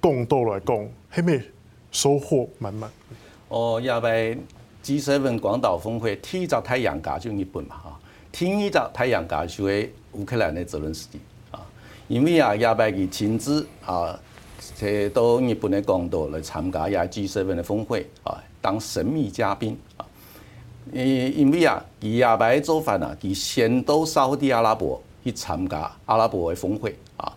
共道來講，係咩？收穫滿滿。哦，廿八 G7 廣島峯會，天一隻太陽架就日本嘛嚇，天一隻太陽架就係烏克蘭嘅澤連斯基。啊，因為啊廿八佢親自啊去到日本嘅廣島嚟參加廿 G7 嘅峯會啊，當神秘嘉賓因啊。誒，因為啊佢廿八做法啦，佢先到沙特阿拉伯去參加阿拉伯嘅峯會啊。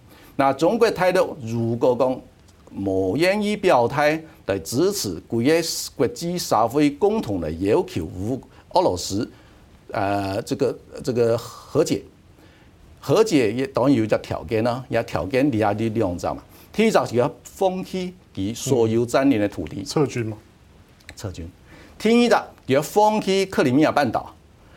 那中國態度如果講冇願意表態來支持佢嘅國際社會共同來要求，烏俄羅斯，呃這個這個和解，和解也當然有個條件啦，啊，要條件底下啲兩隻嘛，第一就要放棄佢所有佔領的土地，撤軍嘛，撤軍，第二就要放棄克里米亞半島。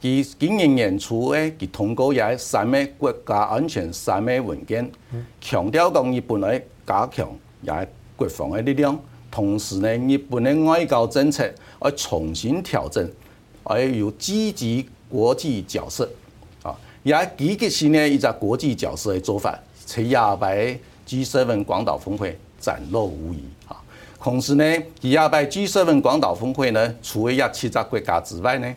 其今年年初，咧，佢通過也三咩國家安全三咩文件，強調講日本來加強也國防嘅力量，同時呢日本嘅外交政策要重新調整，還要有積極國際角色，啊，也積極性咧一個國際角色嘅做法，在亞太 G7 廣島峰會展露無遺啊。同時咧，喺亞太 G7 廣島峰會呢，除咗一七個國家之外呢？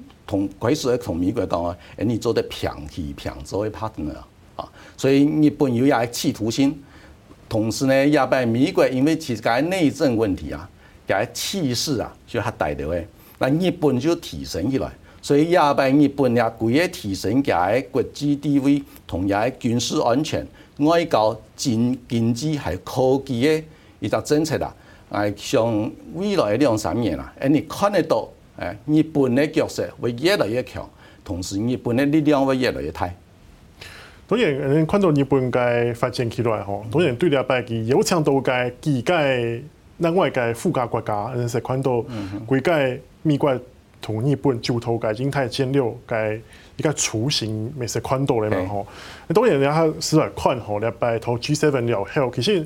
同佢説誒同美國講誒，誒你做得平起平坐的 partner 啊，所以日本有也係企圖心，同時呢也俾美國因為其間內政問題啊，其間氣勢啊就嚇大咗嘅，那日本就提升起來，所以也俾日本也佢誒提升其間國際地位，同也係軍事安全、外交、經經濟還有科技嘅一個政策啦，誒向未來兩三年啊，誒、啊、你看得到。日本的角色會越來越強，同時日本的力量會越來越大。當然，誒，看到、嗯、哼日本該發展起來吼，當然對住拜伯有長度界、幾界、另外界附加國家，誒，是看到貴界、美界同日本組頭界、印太戰略界一個雛形，咪是看到嚟嘛吼。對當然，人家實在快吼，禮拜頭 G7 了後，其實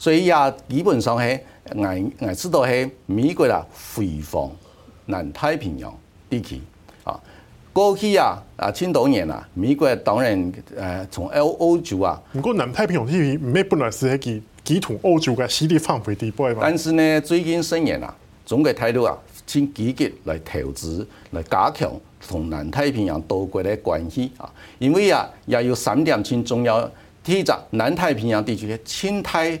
所以呀、啊，基本上係我我知道係美國啦、啊，回防南太平洋地區。啊。過去呀，啊，青島年啊，美國當然誒從、呃、歐洲啊，唔過南太平洋地區唔係本來是喺幾幾套歐洲的勢力範圍地帶嘛。但是呢，最近十年啊，中國態度啊，很積極來投資，來加強同南太平洋多國的關係。啊，因為啊，也有三點很重要，第一個，南太平洋地區嘅青苔。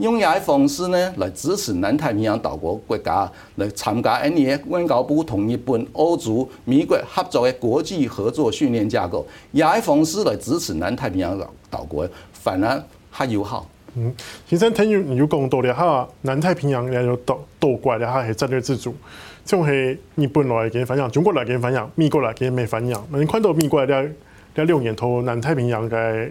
用亞的方式呢，來支持南太平洋島國國家來參加 NIE，外交部同日本、歐洲、美國合作的國際合作訓練架構，亞嘅方式來支持南太平洋島島國，反而還友好。嗯，先生聽有有講到咧，哈，南太平洋咧就島島國咧，它係戰略自主，像係日本來嘅反應，中國來嘅反應，國給你美國來嘅未反應，你看到美國咧咧六年投南太平洋嘅。